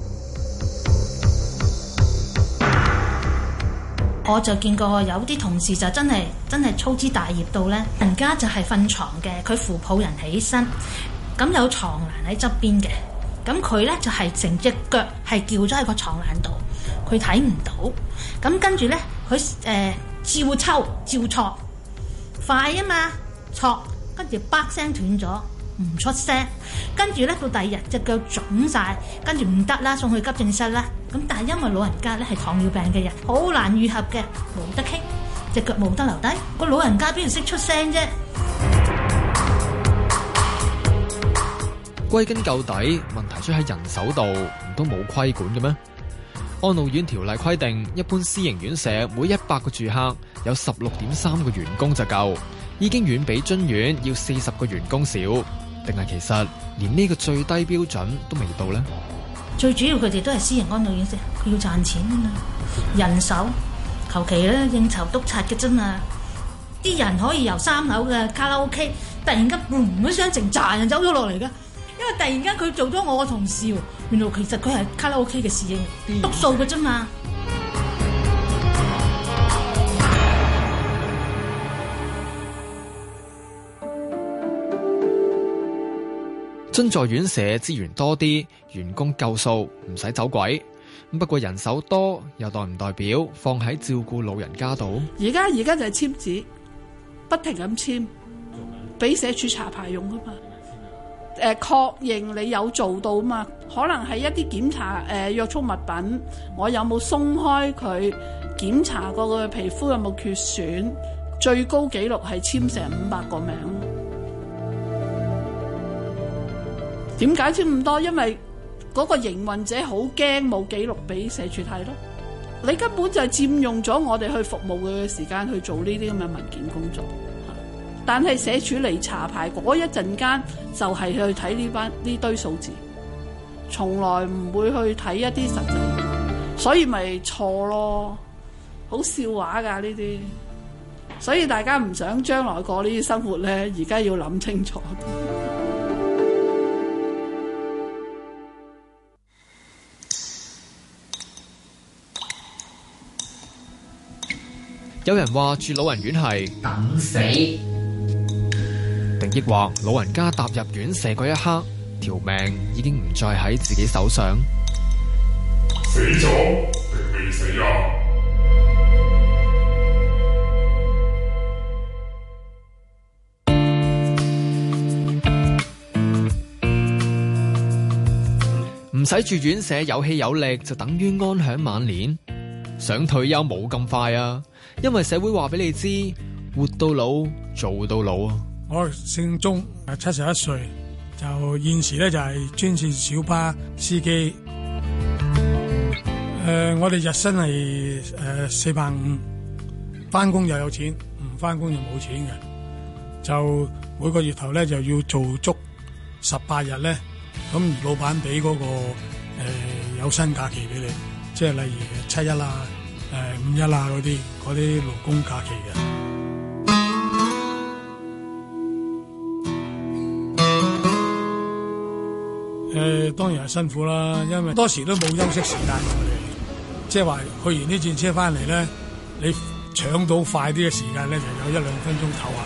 我就見過有啲同事就真係真係粗枝大葉到咧，人家就係瞓床嘅，佢扶抱人起身，咁有床欄喺側邊嘅。咁佢咧就係成隻腳係叫咗喺個床欄度，佢睇唔到。咁跟住咧，佢誒、呃、照抽照挫，快啊嘛，挫跟住叭聲斷咗，唔出聲。跟住咧到第二日隻腳腫晒，跟住唔得啦，送去急症室啦。咁但係因為老人家咧係糖尿病嘅人，好難愈合嘅，冇得傾，隻腳冇得留低。個老人家邊度識出聲啫？歸根究底，問題出喺人手度，唔通冇規管嘅咩？安老院條例規定，一般私營院舍每一百個住客有十六點三個員工就夠，已經遠比津院要四十個員工少。定係其實連呢個最低標準都未到呢？最主要佢哋都係私營安老院舍，佢要賺錢啊嘛。人手求其咧應酬督察嘅啫嘛，啲人可以由三樓嘅卡拉 OK 突然間嘭一聲成炸人走咗落嚟噶。突然間佢做咗我嘅同事，原來其實佢係卡拉 OK 嘅侍應督數嘅啫嘛。津助、嗯、院舍資源多啲，員工夠數，唔使走鬼。咁不過人手多又代唔代表放喺照顧老人家度？而家而家就係簽紙，不停咁簽，俾社署查牌用㗎嘛。誒確認你有做到嘛？可能係一啲檢查誒、呃、約束物品，我有冇鬆開佢，檢查過佢皮膚有冇缺損？最高記錄係簽成五百個名，點解簽咁多？因為嗰個營運者好驚冇記錄俾社署睇咯。你根本就係佔用咗我哋去服務佢嘅時間去做呢啲咁嘅文件工作。但係社署嚟查牌嗰一陣間，就係去睇呢班呢堆數字，從來唔會去睇一啲實際，所以咪錯咯，好笑話㗎呢啲，所以大家唔想將來過呢啲生活咧，而家要諗清楚。有人話住老人院係等死。定抑或老人家踏入院舍嗰一刻，條命已經唔再喺自己手上。死咗，未死啊！唔使住院舍，有氣有力就等於安享晚年，想退休冇咁快啊！因為社會話俾你知，活到老，做到老啊！我姓鍾，七十一歲，就現時咧就係專線小巴司機。誒、呃，我哋日薪係誒四百五，翻工又有錢，唔翻工就冇錢嘅。就每個月頭咧就要做足十八日咧，咁而老闆俾嗰個誒、呃、有薪假期俾你，即係例如七一啦、啊、誒、呃、五一啦嗰啲嗰啲勞工假期嘅。誒，當然係辛苦啦，因為多時都冇休息時間我哋，即係話去完呢陣車翻嚟咧，你搶到快啲嘅時間咧，就有一兩分鐘唞下。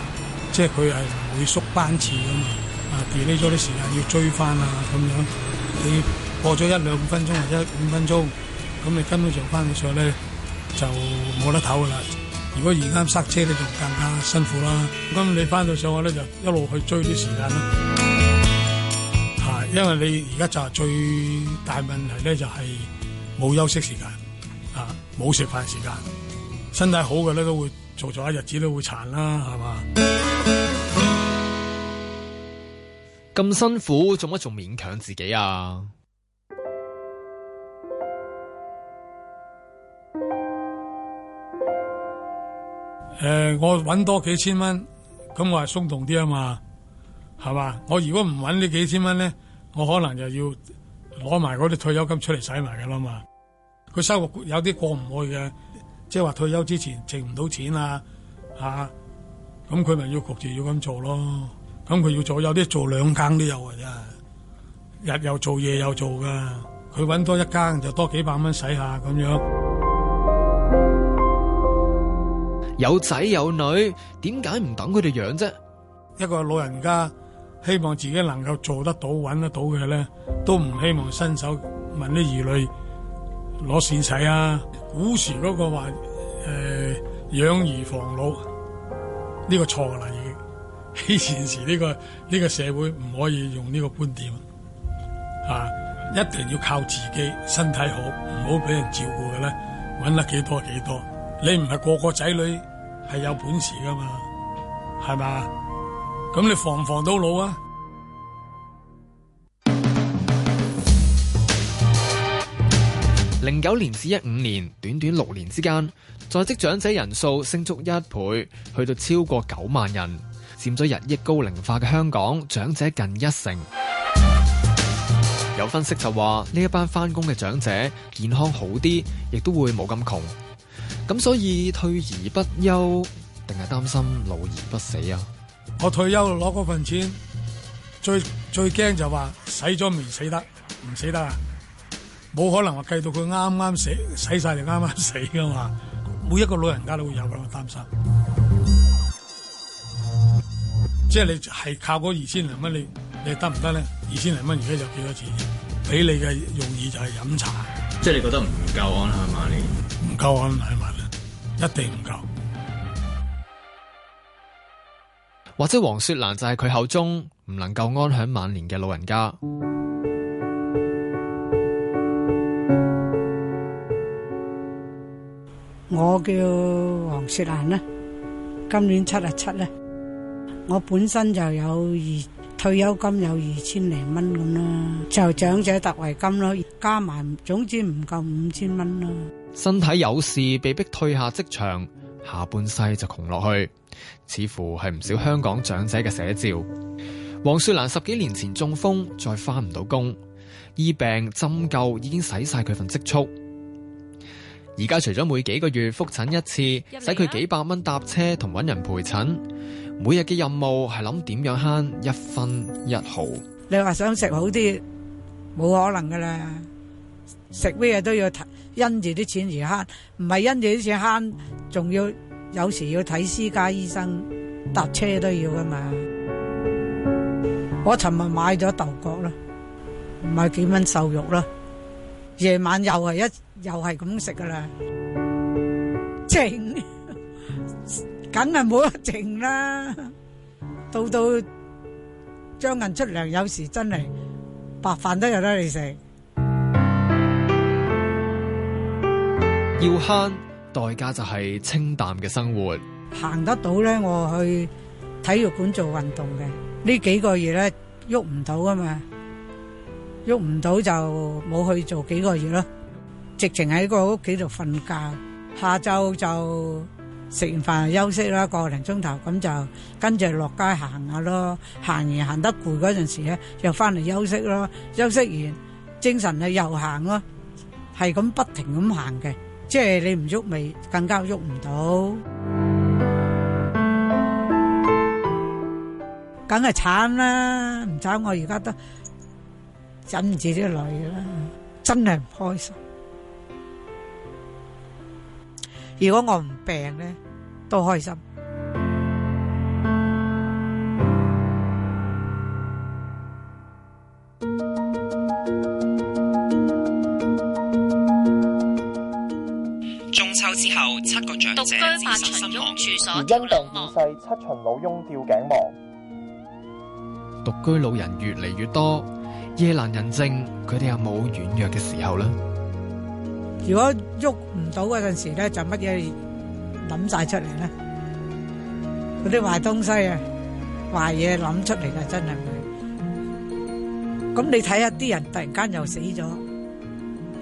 即係佢係唔會縮班次噶嘛，啊 delay 咗啲時間要追翻啊，咁樣你過咗一兩分鐘或者五分鐘，咁你根本就翻到上咧就冇得唞噶啦，如果而家塞車你就更加辛苦啦，咁你翻到上咧就一路去追啲時間啦。因為你而家就係最大問題咧，就係冇休息時間，啊冇食飯時間，身體好嘅咧都會做咗一日子都會殘啦，係嘛？咁辛苦，做乜仲勉強自己啊？誒、呃，我搵多幾千蚊，咁我係鬆動啲啊嘛，係嘛？我如果唔搵呢幾千蚊咧？我可能又要攞埋嗰啲退休金出嚟使埋噶啦嘛，佢生活有啲過唔去嘅，即係話退休之前剩唔到錢啊，吓，咁佢咪要焗住要咁做咯，咁佢要做有啲做兩更都有啊，日又做夜又做噶，佢搵多一更就多幾百蚊使下咁樣。有仔有女，點解唔等佢哋養啫？一個老人家。希望自己能夠做得到，揾得到嘅咧，都唔希望伸手問啲兒女攞錢使啊！古時嗰個話，誒，養兒防老呢個錯啦，已經喺現時呢個呢個社會唔可以用呢個觀點啊！一定要靠自己，身體好唔好俾人照顧嘅咧，揾得幾多幾多？你唔係個個仔女係有本事噶嘛，係嘛？咁你防唔防到老啊？零九年至一五年，短短六年之間，在職長者人數升足一倍，去到超過九萬人，佔咗日益高齡化嘅香港長者近一成。有分析就話，呢一班翻工嘅長者健康好啲，亦都會冇咁窮。咁所以退而不休，定係擔心老而不死啊？我退休攞嗰份錢，最最驚就話使咗未死得，唔死得啊！冇可能話計到佢啱啱死，使晒就啱啱死㗎嘛！每一個老人家都會有咁嘅擔心。 即係你係靠嗰二千零蚊，你你得唔得咧？二千零蚊而家有幾多錢？俾你嘅用意就係飲茶。即係你覺得唔夠安係嘛？你唔夠安係嘛？一定唔夠。或者黃雪蘭就係佢口中唔能夠安享晚年嘅老人家。我叫黃雪蘭啦，今年七啊七啦。我本身就有二退休金，有二千零蚊咁啦，就長者特惠金咯，加埋總之唔夠五千蚊啦。身體有事，被逼退下職場。下半世就窮落去，似乎係唔少香港長者嘅寫照。黃雪蘭十幾年前中風，再返唔到工，醫病針灸已經使晒佢份積蓄。而家除咗每幾個月複診一次，使佢幾百蚊搭車同揾人陪診，每日嘅任務係諗點樣慳一分一毫。你話想食好啲，冇可能噶啦。食咩嘢都要因住啲錢而慳，唔係因住啲錢慳，仲要有時要睇私家醫生，搭車都要㗎嘛。我尋日買咗豆角啦，買幾蚊瘦肉啦，夜晚又係一又係咁食㗎啦，剩梗係冇得剩啦。到到將近出糧，有時真係白飯都有得你食。要慳，代價就係清淡嘅生活。行得到咧，我去體育館做運動嘅呢幾個月咧，喐唔到啊嘛，喐唔到就冇去做幾個月咯。直情喺個屋企度瞓覺，下晝就食完飯休息啦，個零鐘頭咁就跟住落街行下咯。行完行得攰嗰陣時咧，又翻嚟休息咯。休息完精神啊又行咯，係咁不停咁行嘅。即係你唔喐咪更加喐唔到，梗係慘啦！唔慘，我而家都忍唔住啲淚啦，真係唔開心。如果我唔病咧，都開心。居發長鬱，住所少忙；而因病故逝，七旬老翁吊頸亡。獨居老人越嚟越多，夜闌人靜，佢哋有冇軟弱嘅時候咧？如果鬱唔到喐唔到嗰陣時咧，就乜嘢諗晒出嚟咧？嗰啲壞東西啊，壞嘢諗出嚟就真係會？咁你睇下啲人突然間又死咗，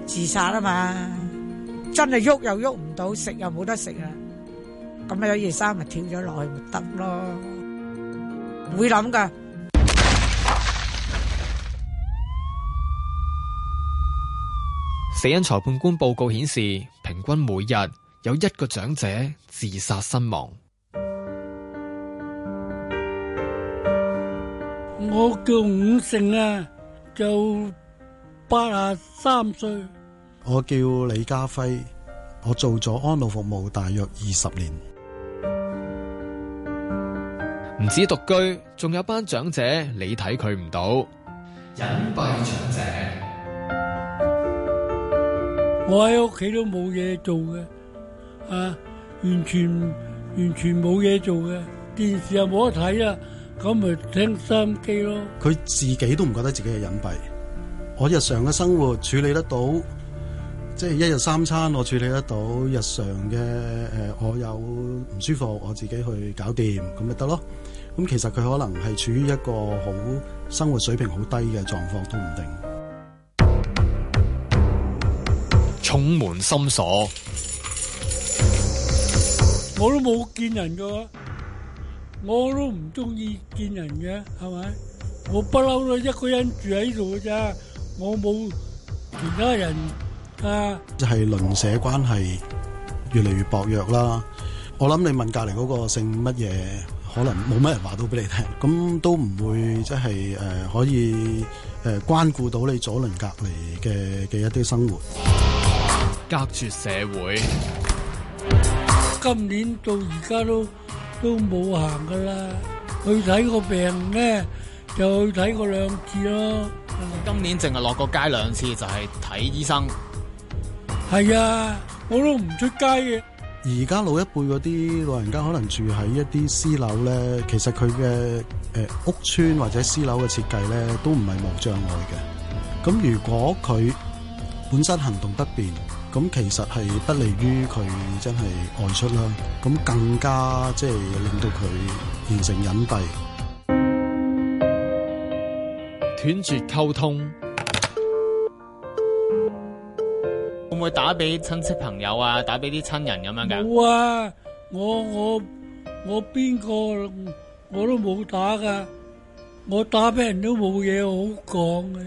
自殺啊嘛！真係喐又喐唔到，食又冇得食啊！咁啊，件衫咪跳咗落去咪得咯，唔會諗噶。死因裁判官報告顯示，平均每日有一個長者自殺身亡。我叫伍成啊，就八啊三歲。我叫李家輝，我做咗安老服務大約二十年，唔止獨居，仲有一班長者，你睇佢唔到，隱蔽長者。我喺屋企都冇嘢做嘅，啊，完全完全冇嘢做嘅，電視又冇得睇呀，咁咪聽收音機咯。佢自己都唔覺得自己係隱蔽，我日常嘅生活處理得到。即係一日三餐我處理得到，日常嘅，誒、呃、我有唔舒服，我自己去搞掂咁咪得咯。咁其實佢可能係處於一個好生活水平好低嘅狀況都唔定。重門深鎖，我都冇見人噶，我都唔中意見人嘅，係咪？我不嬲都一個人住喺度噶，我冇其他人。即係鄰舍關係越嚟越薄弱啦。我諗你問隔籬嗰個姓乜嘢，可能冇乜人話到俾你聽，咁都唔會即係誒可以誒關顧到你左鄰隔離嘅嘅一啲生活。隔絕社會，今年到而家都都冇行噶啦。去睇個病咧，就去睇個兩次咯。今年淨係落過街兩次，就係睇醫生。係啊，我都唔出街嘅。而家老一輩嗰啲老人家可能住喺一啲私樓咧，其實佢嘅，誒屋邨或者私樓嘅設計咧，都唔係無障礙嘅。咁如果佢本身行動不便，咁其實係不利於佢真係外出啦。咁更加即係令到佢形成隱蔽、斷絕溝通。會打俾親戚朋友啊，打俾啲親人咁樣噶？冇啊，我我我邊個我都冇打噶，我打俾人都冇嘢好講嘅。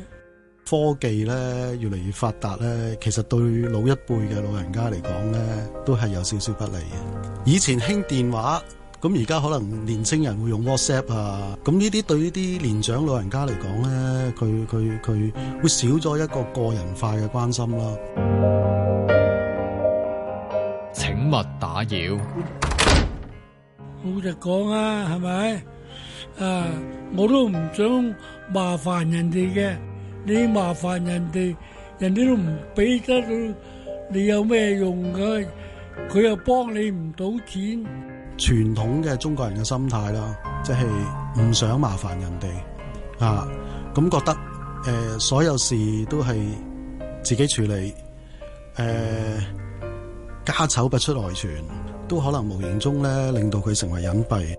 科技咧越嚟越發達咧，其實對老一輩嘅老人家嚟講咧，都係有少少不利嘅。以前興電話。咁而家可能年青人會用 WhatsApp 啊，咁呢啲對呢啲年長老人家嚟講咧，佢佢佢會少咗一個個人化嘅關心囉。請勿打擾。老實講啊，係咪？啊，我都唔想麻煩人哋嘅，你麻煩人哋，人哋都唔俾得到，你有咩用嘅？佢又幫你唔到錢。傳統嘅中國人嘅心態啦，即係唔想麻煩人哋啊，咁覺得、呃、所有事都係自己處理，誒、呃、家醜不出外傳，都可能無形中咧令到佢成為隱蔽。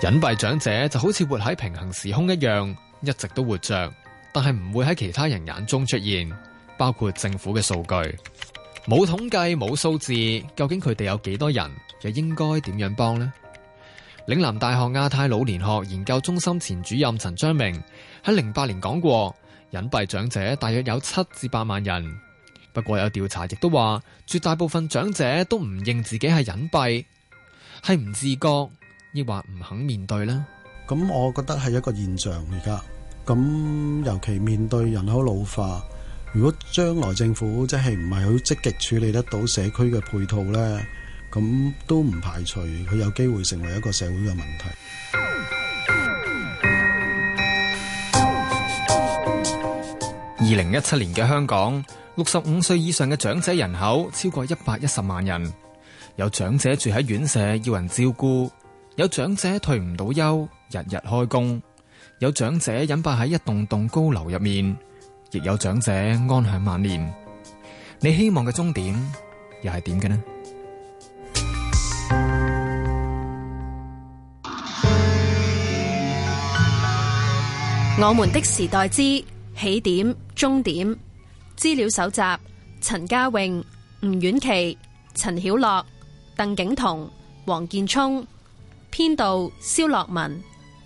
隱蔽長者就好似活喺平行時空一樣，一直都活着。但係唔會喺其他人眼中出現，包括政府嘅數據，冇統計冇數字，究竟佢哋有幾多人，又應該點樣幫呢？嶺南大學亞太老年學研究中心前主任陳章明喺零八年講過，隱蔽長者大約有七至八萬人。不過有調查亦都話，絕大部分長者都唔認自己係隱蔽，係唔自覺，亦或唔肯面對呢？咁我覺得係一個現象而家。咁尤其面對人口老化，如果將來政府即係唔係好積極處理得到社區嘅配套呢？咁都唔排除佢有機會成為一個社會嘅問題。二零一七年嘅香港，六十五歲以上嘅長者人口超過一百一十萬人，有長者住喺院舍要人照顧，有長者退唔到休，日日開工。有長者隱蔽喺一棟棟高樓入面，亦有長者安享晚年。你希望嘅終點又係點嘅呢？我們的時代之起點、終點資料搜集：陳嘉詠、吳沅琪、陳曉樂、鄧境彤、王建聰。編導：蕭洛汶。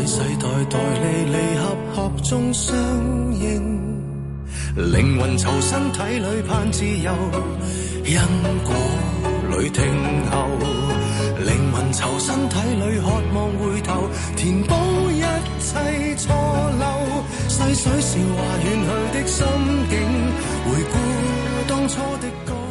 世世代代離離合合中相映，靈魂囚身體裏盼自由，因果裏停候，靈魂囚身體裏渴望回頭，填補一切錯漏。逝水韶華遠去的心境，回顧當初的歌。